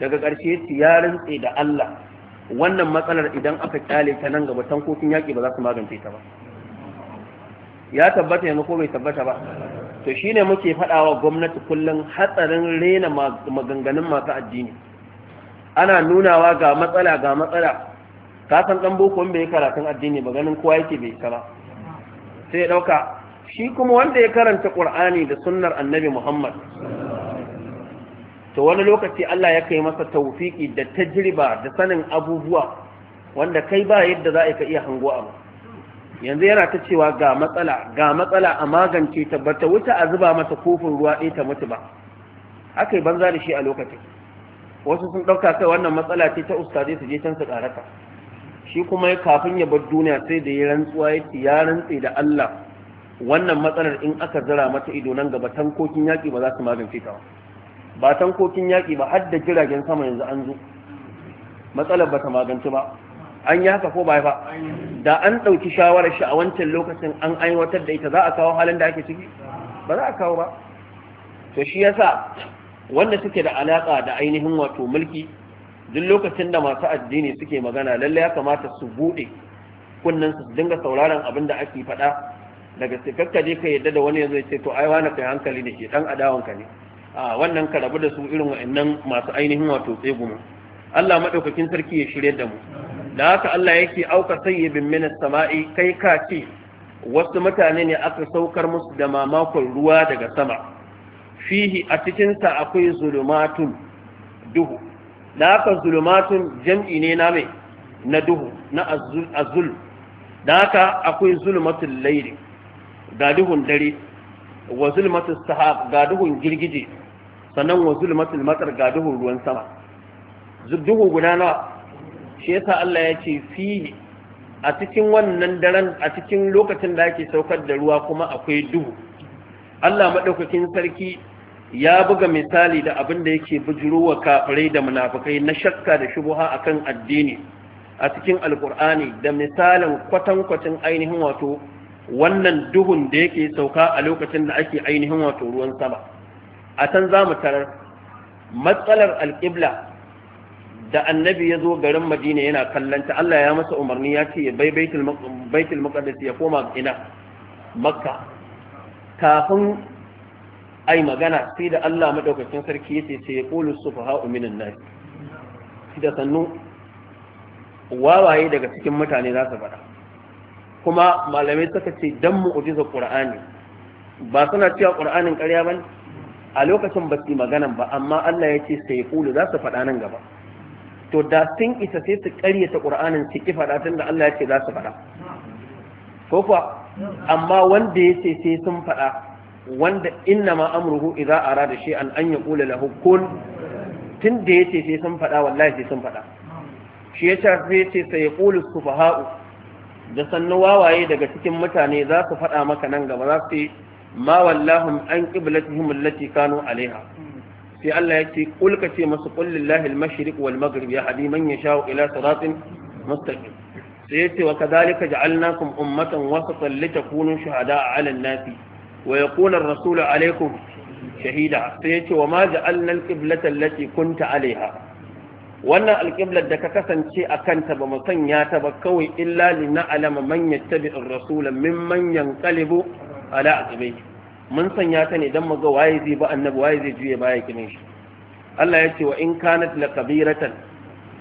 daga ƙarshe ya rintse da Allah wannan matsalar idan aka kyale ta nan gaba kofin yaƙi ba za su magance ta ba ya tabbata yanzu ko bai tabbata ba to shine muke faɗawa gwamnati kullum hatsarin rena maganganun masu addini ana nunawa ga matsala ga matsala Kasan san dan boko bai karatun addini ba ganin kowa yake bai kara sai ya dauka shi kuma wanda ya karanta Ƙur'ani da sunnar annabi muhammad to wani lokaci Allah ya kai masa tawfiki da tajriba da sanin abubuwa wanda kai ba yadda za ka iya hango abu yanzu yana ta cewa ga matsala ga matsala a magance ta bata wuta a zuba mata kofin ruwa ɗaya ta mutu ba aka yi banza da shi a lokacin wasu sun ɗauka kai wannan matsala ce ta ustaze su je can su ƙarata shi kuma kafin ya bar duniya sai da ya rantsuwa ya ce ya rantse da Allah wannan matsalar in aka zira mata ido nan gaba tankokin yaƙi ba za su magance ta ba tankokin yaƙi ba har da jiragen sama yanzu an zo matsalar ba ta magance ba an yi haka ko ba ba da an ɗauki shawarar shi a wancan lokacin an aiwatar da ita za a kawo halin da ake ciki ba za a kawo ba to shi yasa wanda suke da alaƙa da ainihin wato mulki duk lokacin da masu addini suke magana lallai ya kamata su buɗe kunnen su dinga sauraron abin da ake faɗa daga sikakka je ka yadda da wani yanzu ce to ai wani kai hankali da shi dan adawanka ne a wannan ka rabu da su irin wa'annan masu ainihin wato tsegumi Allah madaukakin sarki ya shirye da mu da haka Allah yake auka sayyibin min samai kai ka ce wasu mutane ne aka saukar musu da mamakon ruwa daga sama fihi a cikinsa akwai zulumatun duhu da haka zulumatun jam'i ne na mai na duhu na azul da haka akwai zulumatun laili ga duhun dare wa zulumatun sahab ga duhun girgije sannan wa zulumatun matar ga duhun ruwan sama duhu guda nawa shi yasa Allah ya ce fi a cikin wannan daren a cikin lokacin da ake saukar da ruwa kuma akwai duhu Allah maɗaukakin sarki ya buga misali da abin da yake bujuruwa kafirai da munafikai na shakka da shubuha akan addini a cikin alkur'ani da misalin kwatankwacin ainihin wato wannan duhun da yake sauka a lokacin da ake ainihin wato ruwan sama a can za mu tarar matsalar alƙibla da annabi ya zo garin madina yana kallanta allah ya masa umarni ya ce bai baitul maqdis ya koma ina makka kafin ai magana sai da Allah madaukakin sarki yace sai ya qulu sufaha'u minan nas da sannu wawaye daga cikin mutane za su faɗa kuma malamai suka ce dan mu'jiza qur'ani ba suna cewa qur'anin ƙarya bane a lokacin ba su magana ba amma Allah ya sai qulu za su faɗa nan gaba to da sun isa sai su ƙaryata qur'anin su ki faɗa tunda Allah ya ce za su faɗa ko kuwa amma wanda ya ce sai sun faɗa wanda inna ma amruhu idza arada shay'an an yaqula lahu kun tun da ce sai sun faɗa wallahi sai sun faɗa shi ya ce sai yace sai su sufaha'u da sannu wawaye daga cikin mutane za su faɗa maka nan gaba za su yi ma wallahum an qiblatihim allati kanu alaiha sai Allah ya ce kul ce masu qul lillahi al wal maghrib ya hadi man yasha ila siratin mustaqim sai yace wa kadhalika ja'alnakum ummatan wasatan litakunu shuhada'a 'ala an-nasi wa yaqulu ar-rasulu alaikum shahida sai yace wa ma ja'alna al-qiblata allati kunta alaiha wannan alƙiblar da ka kasance a kanta ba mu sanya ta ba kawai illa li na'lama man yattabi ar-rasula mimman yanqalibu ala aqibai mun sanya ta ne dan mu ga waye zai ba annabi waye zai juye baya kimin shi Allah ya ce wa in kanat lakabiratan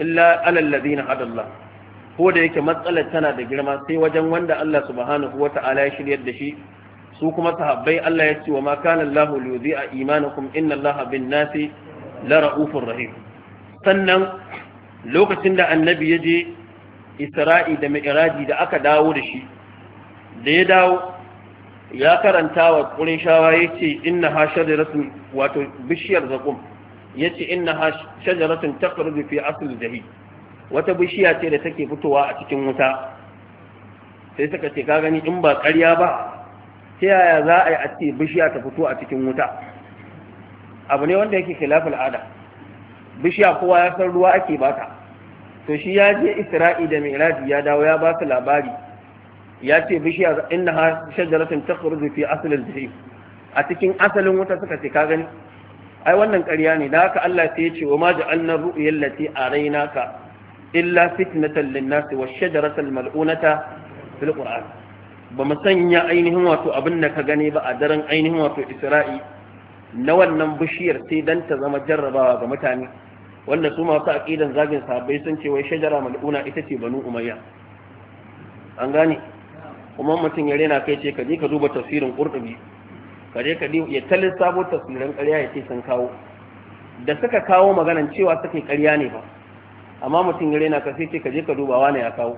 illa ala alladhina hada Allah ko da yake matsalar tana da girma sai wajen wanda Allah subhanahu wata'ala ya shiryar da shi su kuma sahabbai Allah ya ce wa ma kana Allah liyudhi'a imanakum inna Allah bin nasi la ra'ufur rahim sannan lokacin da annabi ya je Isra'i da Mi'raji da aka dawo da shi da ya dawo ya karanta wa Qurayshawa yace inna hashajaratul wato bishiyar zakum yace inna hashajaratun takhruju fi asl jahim wata bishiya ce da take fitowa a cikin wuta sai suka ce ka gani in ba ƙarya ba ta yaya za a yi a ce bishiya ta fito a cikin wuta abu ne wanda yake khilafin al'ada. bishiya kowa ya san ruwa ake bata to shi ya je isra'i da mi'raji ya dawo ya ba su labari ya ce bishiya innaha shajaratun takhruju fi aslil jahim a cikin asalin wuta suka ce ka gani ai wannan ƙarya ne da haka Allah sai ya ce wa ma ja'alna ru'yal lati arainaka illa fitnatan lin-nasi wash-shajarata malunata fil qur'an ba mu sanya ainihin wato abin da ka gani ba a daren ainihin wato isra'i na wannan bishiyar sai dan ta zama jarrabawa ga mutane wanda su masu aqidan zagin sahabbai sun ce wai shajara mal'una ita ce banu umayya an gane kuma mutum ya rena kai ce ka je ka duba tafsirin qurtubi ka je ka ya talin sabo tafsirin ƙarya ya ce sun kawo da suka kawo maganan cewa suka yi ƙarya ne ba amma mutum ya rena ka sai ce ka je ka duba wane ya kawo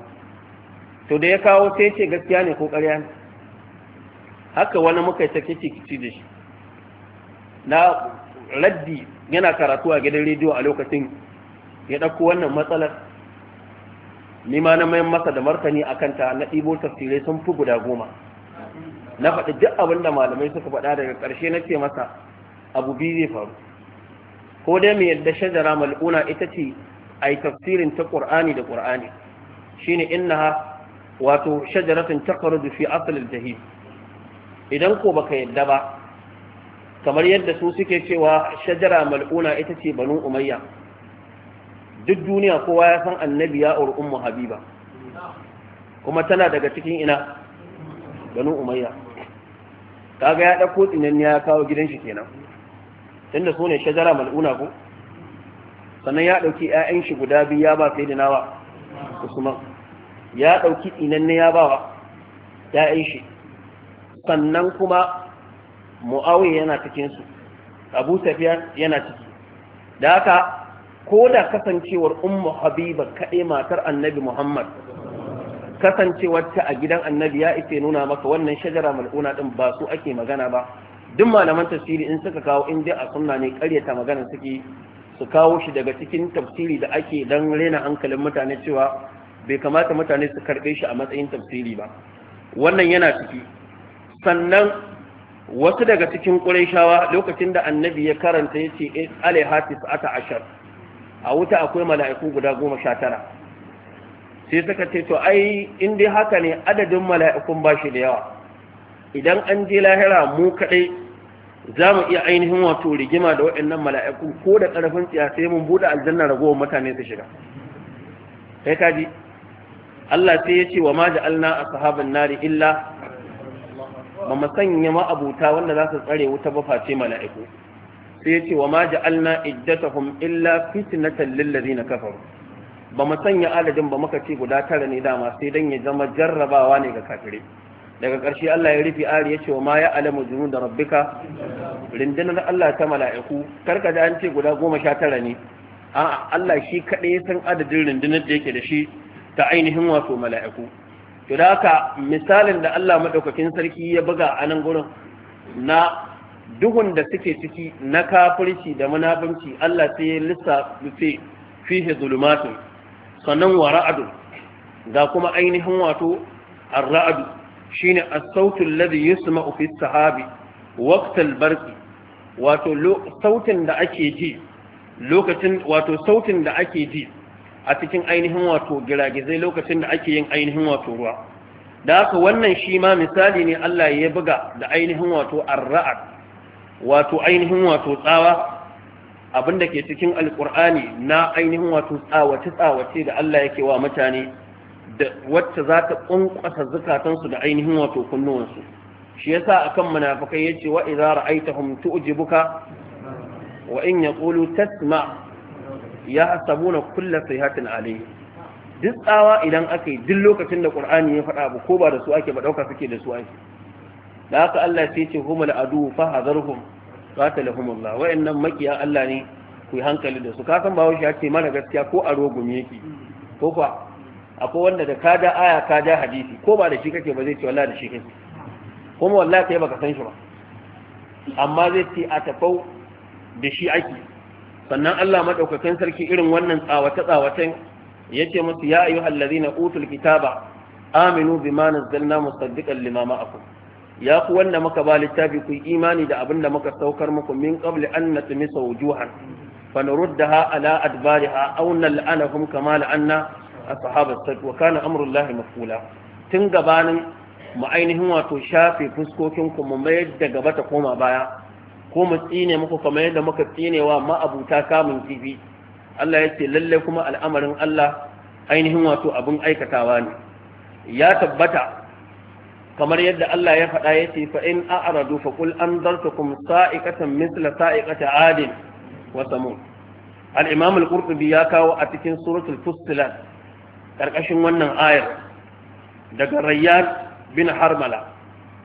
to da ya kawo sai ce gaskiya ne ko ƙarya ne haka wani muka yi sake cikici da shi na raddi yana karatu a gidan rediyo a lokacin ya ɗauko wannan matsalar Nima na mayan masa da martani a kanta na ɗibo tafsirai sun fi guda goma na faɗi duk abin da malamai suka faɗa daga ƙarshe na ce masa abu biyu zai faru ko dai mai yadda shajara mal'una ita ce a yi tafsirin ta ƙur'ani da ƙur'ani shine innaha wato shajaratun takardu fi asl al-jahim idan ko baka yadda ba kamar yadda su suke cewa shajara mal'una ita ce banu umayya duk duniya kowa ya san annabi ya ur ummu habiba kuma tana daga cikin ina banu umayya kaga ya dauko tsinanni ya kawo gidan shi kenan tunda su shajara mal'una ko sannan ya dauki ƴaƴan shi guda biyu ya ba sai dinawa nawa usman ya ɗauki inanne ya bawa ‘ya'yan shi sannan kuma mu'awi yana cikinsu abu tafiya yana ciki da haka ko da kasancewar Umma habiba kaɗai matar annabi muhammad kasancewar ta a gidan annabi ya ife nuna maka wannan shajara mal'una ɗin ba su ake magana ba duk malaman tafsiri in suka kawo in dai a sunna ne ƙaryata magana suke su kawo shi daga cikin tafsiri da ake dan rena hankalin mutane cewa bai kamata mutane su karɓe shi a matsayin tafsiri ba wannan yana ciki sannan wasu daga cikin ƙurayshawa lokacin da annabi ya karanta ya ce eh, alaiha ata ashar a wuta akwai mala'iku guda goma sha tara sai suka ce to ai in dai haka ne adadin mala'ikun ba shi da yawa idan an je lahira mu kaɗai za mu iya ainihin wato rigima da waɗannan mala'iku ko da ƙarfin tsiya sai mun buɗe aljanna ragowar mutane su shiga kai kaji Allah sai ya ce wa ma ja'alna ashaban nari illa ba mu sanya ma'abuta wanda za su tsare wuta ba face mala'iku sai ya ce wa ma ja'alna iddatahum illa fitnatan lil ladina kafaru ba mu sanya adadin ba muka ce guda tara ne dama sai dan ya zama jarrabawa ne ga kafire. daga ƙarshe Allah ya rufe ari ya ce wa ma ya alamu junun da rabbika rindinar Allah ta mala'iku karka da an ce guda goma sha tara ne a'a Allah shi kaɗai ya san adadin rindinar da yake da shi ta ainihin wato mala'iku to da haka misalin da Allah maɗaukakin sarki ya buga a nan gurin na duhun da suke ciki na kafirci da munafunci, Allah sai ya lufe fihe zulumatun sannan wa ra'adu ga kuma ainihin wato a raadu shine sautin Ladi alladhi yusma'u fi sahabi waqt al wato sautin da ake ji lokacin wato sautin da ake ji a cikin ainihin wato giragizai lokacin da ake yin ainihin wato ruwa da haka wannan shi ma misali ne Allah ya buga da ainihin wato arra'at wato ainihin wato tsawa abinda ke cikin alkur'ani na ainihin wato tsawace tsawace da Allah yake wa mutane da wacce za ta kunkwasa zukatansu da ainihin wato kunnuwansu shi yasa akan munafikai yace wa idza ra'aytahum tu'jibuka wa in yaqulu tasma' ya sabuna kullu sayhatin alayhi duk tsawa idan aka yi duk lokacin da qur'ani ya faɗa abu ko ba da su ake ba dauka suke da su ake da haka Allah sai ce humul adu fa hadarhum qatalahum Allah wa'annan makiya Allah ne ku yi hankali da su ka san bawo shi ya ce mana gaskiya ko a rogumi yake ko fa akwai wanda da ka da aya ka da hadisi ko ba da shi kake ba zai ce wallahi da shi kake kuma wallahi kai baka san shi ba amma zai ce a tafau da shi ake sannan Allah maɗaukakin sarki irin wannan tsawata ya ce musu ya ayyuhal ladina utul kitaba aminu bima nazzalna musaddiqan lima ma'akum ya ku wanda muka ba littafi ku imani da abin da muka saukar muku min qabli an natmisa wujuhan fa nuruddaha ala adbariha aw nal'anahum kama la'anna ashabas sad wa kana amrullahi mafula tun gabanin mu ainihin wato shafe fuskokin ku mu mayar da gaba ta koma baya ko mu tsine muku kamar yadda muka tsinewa ma'abuta kamun kifi Allah ya ce lalle kuma al'amarin Allah ainihin wato abin aikatawa ne ya tabbata kamar yadda Allah ya faɗa ya ce fa in a'radu fa qul anzartukum sa'iqatan misla sa'iqati 'adin wa samud al-imam al-qurtubi ya kawo a cikin suratul fussilat karkashin wannan ayar daga rayyan bin harmala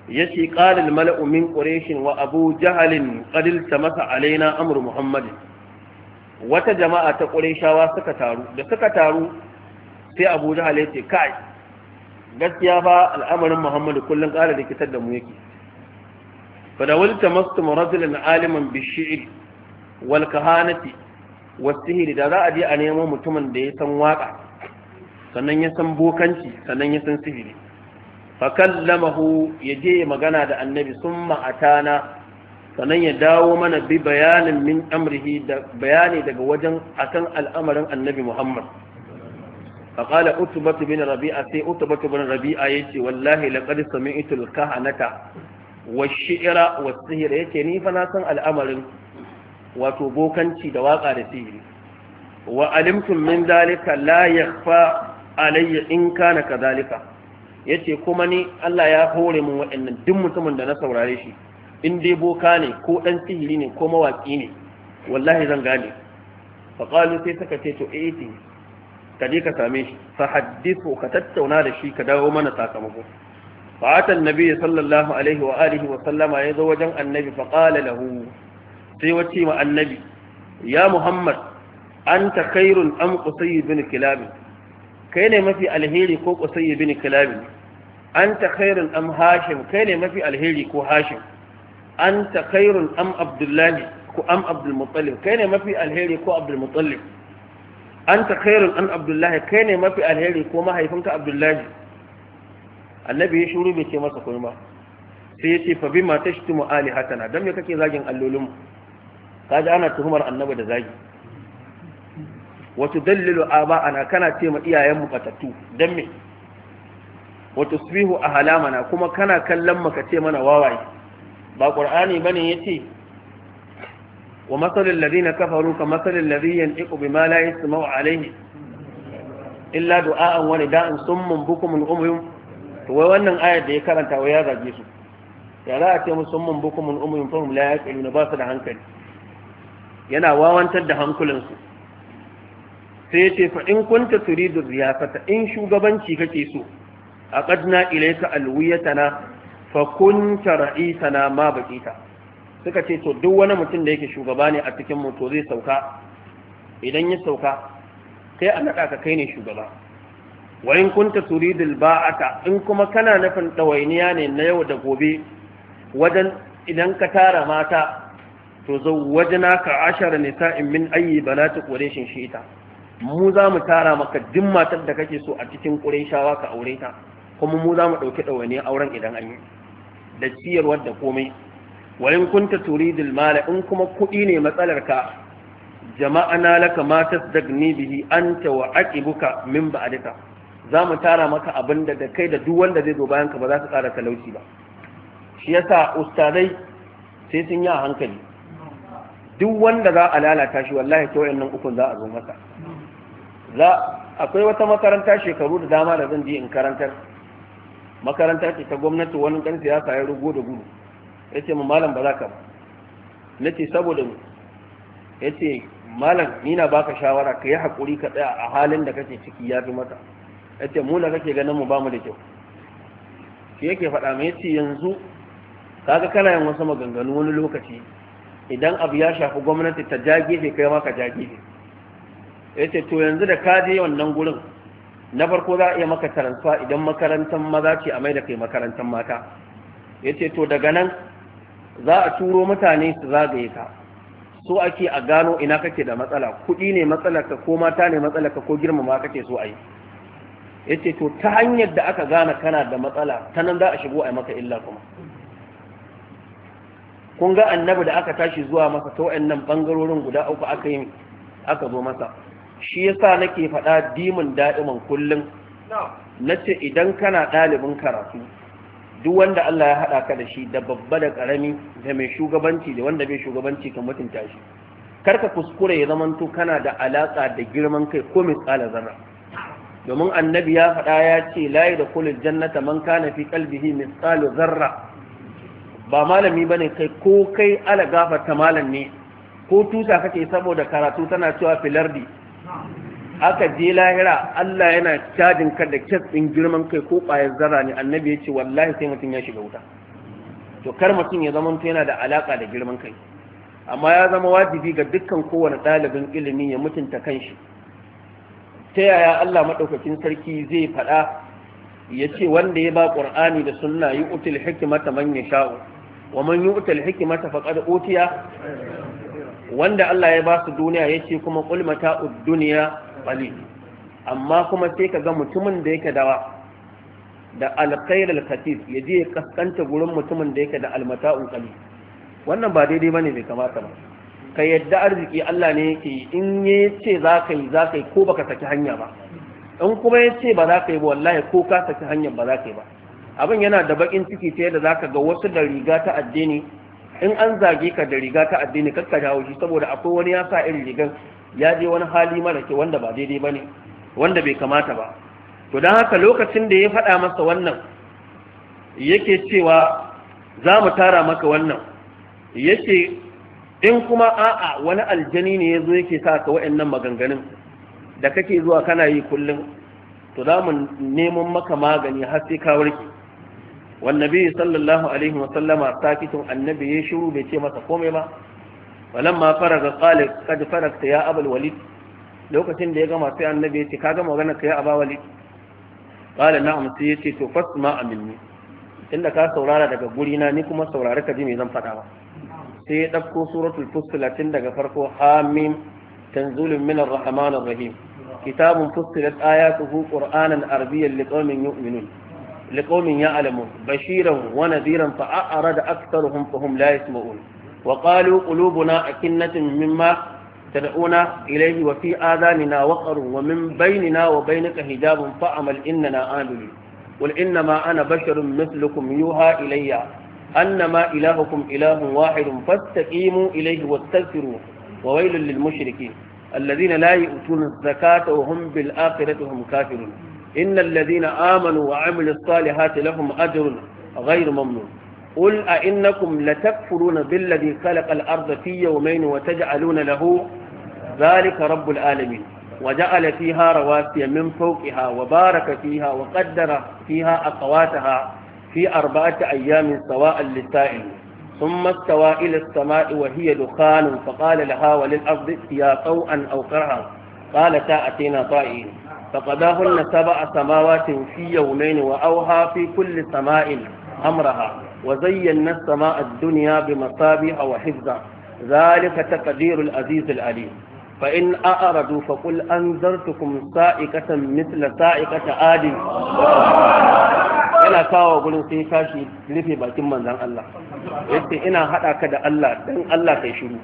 yace qala al mala'u min quraish wa abu jahl qad iltamasa alaina amru muhammad wata jama'a ta qurayshawa suka taru da suka taru sai abu jahl yace kai gaskiya ba al'amarin muhammad kullun ƙara rikitar da mu yake fa da wal tamastu rajulan aliman bi shi'r wal kahanati wasihiri da za a je a nemo mutumin da ya san waka sannan ya san bokanci sannan ya san sihiri fakallamahu ya je magana da annabi sun ma'atana sanan ya dawo mana bi bayanin min amrihi da bayani daga wajen akan al'amarin annabi muhammad faƙala utubatu bin rabi'a sai utubatu bin rabi'a ya ce wallahi laƙar sami'tul kahanata wa shi'ira wa sihira ya ce ni fa na san al'amarin wato bokanci da waƙa da sihiri wa alimtum min dalika la yakhfa alayya in kana kadhalika ya ce kuma ni Allah ya hore min waɗannan duk mutumin da na saurare shi in dai boka ne ko ɗan sihiri ne ko mawaƙi ne wallahi zan gane faƙalu sai suka ce to eti eh, ka je ka same shi fa haddisu ka tattauna da shi ka dawo mana sakamako fa atan nabi sallallahu alaihi wa alihi wa sallama ya zo wajen annabi fa qala lahu sai wace ma annabi ya muhammad anta khairun am qusay bin kilab kai ne mafi alheri ko qusay bin kilab anta khairun am hashim kai ne mafi alheri ko hashim anta khairun am abdullahi ko am abdul muttalib kai ne mafi alheri ko abdul muttalib anta khairun an abdullahi kai ne mafi alheri ko mahaifinka abdullahi annabi ya shuru bai ce masa kuma. ba sai ya ce fa bi bima tashtumu alihatana dan me kake zagin allolinmu kaji ana tuhumar annabi da zagi wa tudallilu aba'ana kana ce ma iyayenmu batatu dan me Wata wa a halamana, kuma kana kallon maka ce mana wawaye ba ne, bane ce. wa masalul ladina kafaru ka masalul bi mala bima su mawa alaihi illa du'a'an da'an sun mun bukumun umyum to wai wannan ayar da ya karanta wa ya zage su ya za a ce musamman bukumun umyum fahum la yaqiluna ba su da hankali yana wawantar da hankulansu sai ya ce fa in kunta turidu riyasata in shugabanci kake so aqadna ilayka alwiyatana fa kunta ra'isana ma baqita suka ce to duk wani mutum da yake shugaba ne a cikin mu to zai sauka idan ya sauka sai a nada ka kai ne shugaba wa in kunta turidul ba'ata in kuma kana nufin dawainiya ne na yau da gobe wajen idan ka tara mata to wajena ka ashara in min ayyi balati qurayshin ita. mu za mu tara maka duk matar da kake so a cikin qurayshawa ka aure ta kuma mu za mu ɗauki ɗawane auren idan an yi da ciyarwar da komai walin kunta turidul mala in kuma kuɗi ne matsalar ka jama'a na laka ma ni bihi anta wa aqibuka min ba'dika za mu tara maka abin da da kai da duk wanda zai zo bayan ka ba za su ƙara talauci ba shi yasa ustadai sai sun yi a hankali duk wanda za a lalata shi wallahi ta wayannan ukun za a zo maka. za akwai wata makaranta shekaru da dama da zan je in karantar makaranta ce ta gwamnati wani ɗan siyasa ya rugo da gudu ya ce ma malam ba za ka ba na ce saboda mu ya ce malam nina ba baka shawara ka yi haƙuri ka tsaya a halin da kake ciki ya fi mata ya ce mu da kake ganin mu ba mu da kyau shi yake faɗa mai ce yanzu kaga kana yin wasu maganganu wani lokaci idan abu ya shafi gwamnati ta jage ka kai ma ka jage to yanzu da ka je wannan gurin na farko za a iya maka taransuwa idan makarantar maza ce a mai da kai makarantar mata ya ce to daga nan za a turo mutane su zagaye ka so ake a gano ina kake da matsala kuɗi ne matsalarka ko mata ne matsalarka ko girmama kake so a yi ya ce to ta hanyar da aka gane kana da matsala ta nan za a shigo a maka illa kuma kun ga annabi da aka tashi zuwa masa ta nan bangarorin guda uku aka yi aka zo masa shi yasa nake faɗa dimin da'iman kullum na ce idan kana ɗalibin karatu duk wanda Allah ya haɗa ka da shi da babba da ƙarami da mai shugabanci da wanda bai shugabanci kan mutunta shi ka kuskure ya zamanto kana da alaƙa da girman kai ko misƙala zarra domin annabi ya faɗa ya ce layi da kulil jannata man kana fi qalbihi misqalu zarra ba malami bane kai ko kai ala ta malam ne ko tusa kake saboda karatu tana cewa filardi aka je lahira Allah yana cajin ka da kyas ɗin girman kai ko ƙwayar zara ne annabi ya ce wallahi sai mutum ya shiga wuta to kar mutum ya zama yana da alaka da girman kai amma ya zama wajibi ga dukkan kowane ɗalibin ilimi ya mutunta kanshi ta yaya Allah maɗaukakin sarki zai faɗa ya ce wanda ya ba ƙur'ani da sunna yi utul hikimata man ya sha'u wa man yi utul hikimata faƙar otiya wanda Allah ya ba su duniya ya ce kuma kulmata duniya bali amma kuma sai ka ga mutumin da yake dawa da alkhair alkatif ya je ya kaskanta gurin mutumin da yake da almata'un qali wannan ba daidai bane bai kamata ba ka yadda arziki Allah ne yake in ya ce za ka yi za ka yi ko baka saki hanya ba in kuma yace ce ba za ka yi ba wallahi ko ka saki hanyar ba za ka yi ba abin yana da bakin ciki ta da zaka ga wasu da riga ta addini in an zage ka da riga ta addini kakka dawo shi saboda akwai wani ya sa irin rigan ya je wani hali mara ke wanda ba daidai ba wanda bai kamata ba to don haka lokacin da ya faɗa masa wannan yake cewa za mu tara maka wannan yake in kuma a'a wani aljani ne ya zo yake sa ka wa'annan maganganun da kake zuwa kana yi kullum to za mu neman maka magani har sai ka warke والنبي صلى الله عليه وسلم ساكت النبي يشرو بيتي ما تقومي ما فلما فرغ قال قد فرغت يا أبا الوليد لو كتن دي غما في النبي يتي كاغا مغنك يا أبا وليد قال نعم سيتي تفت ما أمني إلا كا سورارا دقا قولينا نكما سورارا كديم يزم فتاوا سي تبكو سورة الفصلة دقا فرقو حاميم تنزول من الرحمن الرحيم كتاب فصلت آياته قرآنا عربيا لقوم يؤمنون لقوم يعلمون بشيرا ونذيرا فأعرض أكثرهم فهم لا يسمعون وقالوا قلوبنا أكنة مما تدعونا إليه وفي آذاننا وقر ومن بيننا وبينك حجاب فأمل إننا آمنون قل إنما أنا بشر مثلكم يوحى إلي أنما إلهكم إله واحد فاستقيموا إليه واستغفروه وويل للمشركين الذين لا يؤتون الزكاة وهم بالآخرة هم كافرون إن الذين آمنوا وعملوا الصالحات لهم أجر غير ممنون قل أئنكم لتكفرون بالذي خلق الأرض في يومين وتجعلون له ذلك رب العالمين وجعل فيها رواسي من فوقها وبارك فيها وقدر فيها أقواتها في أربعة أيام سواء للسائل ثم استوى إلى السماء وهي دخان فقال لها وللأرض يا طوءا أو كرها قالتا أتينا طائعين فقضاهن سبع سماوات في يومين وأوها في كل سماء أمرها وزينا السماء الدنيا بمصابيح وحفظا ذلك تقدير العزيز العليم فإن أأردوا فقل أنذرتكم سائقة مثل سائقة عاد yana kawo gurin sai tashi rufe bakin manzan Allah yace ina haɗa ka da Allah dan Allah kai shiru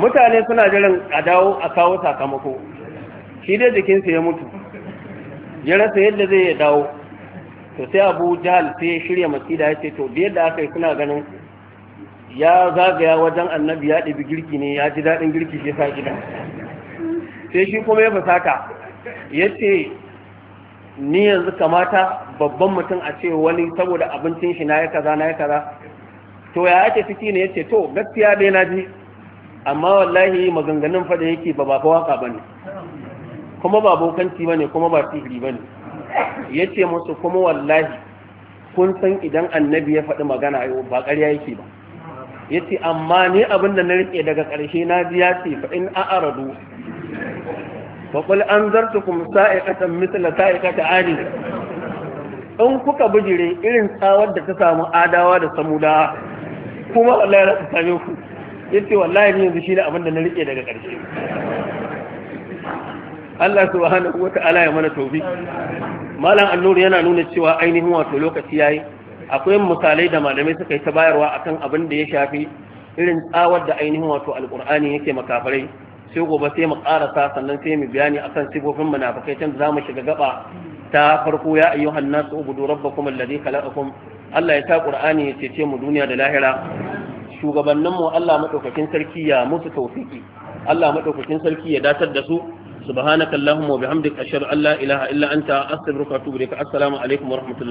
mutane suna jiran a dawo a kawo sakamako shi dai jikinsa ya mutu ya rasa yadda zai ya dawo to sai abu jahal sai ya shirya masida ya ce to da yadda aka yi suna ganin ya zagaya wajen annabi ya ɗabi girki ne ya ji daɗin girki shi sa gida sai shi kuma ya fasata ya ce ni yanzu kamata babban mutum a ce wani saboda abincin shi na ya kaza na ya kaza to ya ake fiti ne ya ce to gaskiya dai na ji amma wallahi maganganun fada yake ba ba waka bane kuma ba bokanci bane kuma ba sihiri bane yace musu kuma wallahi kun san idan annabi ya faɗi magana ba karya yake ba yace amma ne abin da na rike daga ƙarshe na ji ya ce fa in a'radu fa qul anzartukum sa'iqatan mithla sa'iqati 'ad in kuka bijire irin tsawar da ta samu adawa da samuda kuma wallahi za ta same ku yace wallahi ni yanzu shine abin da na rike daga ƙarshe Allah subhanahu ala ya mana tawfiq malam annur yana nuna cewa ainihin wato lokaci yayi akwai misalai da malamai suka yi ta bayarwa akan abin da ya shafi irin tsawar da ainihin wato alqur'ani yake makafarai sai gobe sai mu karasa sannan sai mu bayani akan sifofin munafikai tun zamu shiga gaba ta farko ya ayyuhan nasu ubudu rabbakum alladhi khalaqakum Allah ya sa qur'ani ya cece mu duniya da lahira shugabanninmu Allah maɗaukacin sarki ya musu taufiki Allah maɗaukacin sarki ya datar da su subhanakallahumma wa bihamdika ashhadu an la ilaha illa anta astaghfiruka wa atubu ilaik assalamu alaikum wa rahmatullahi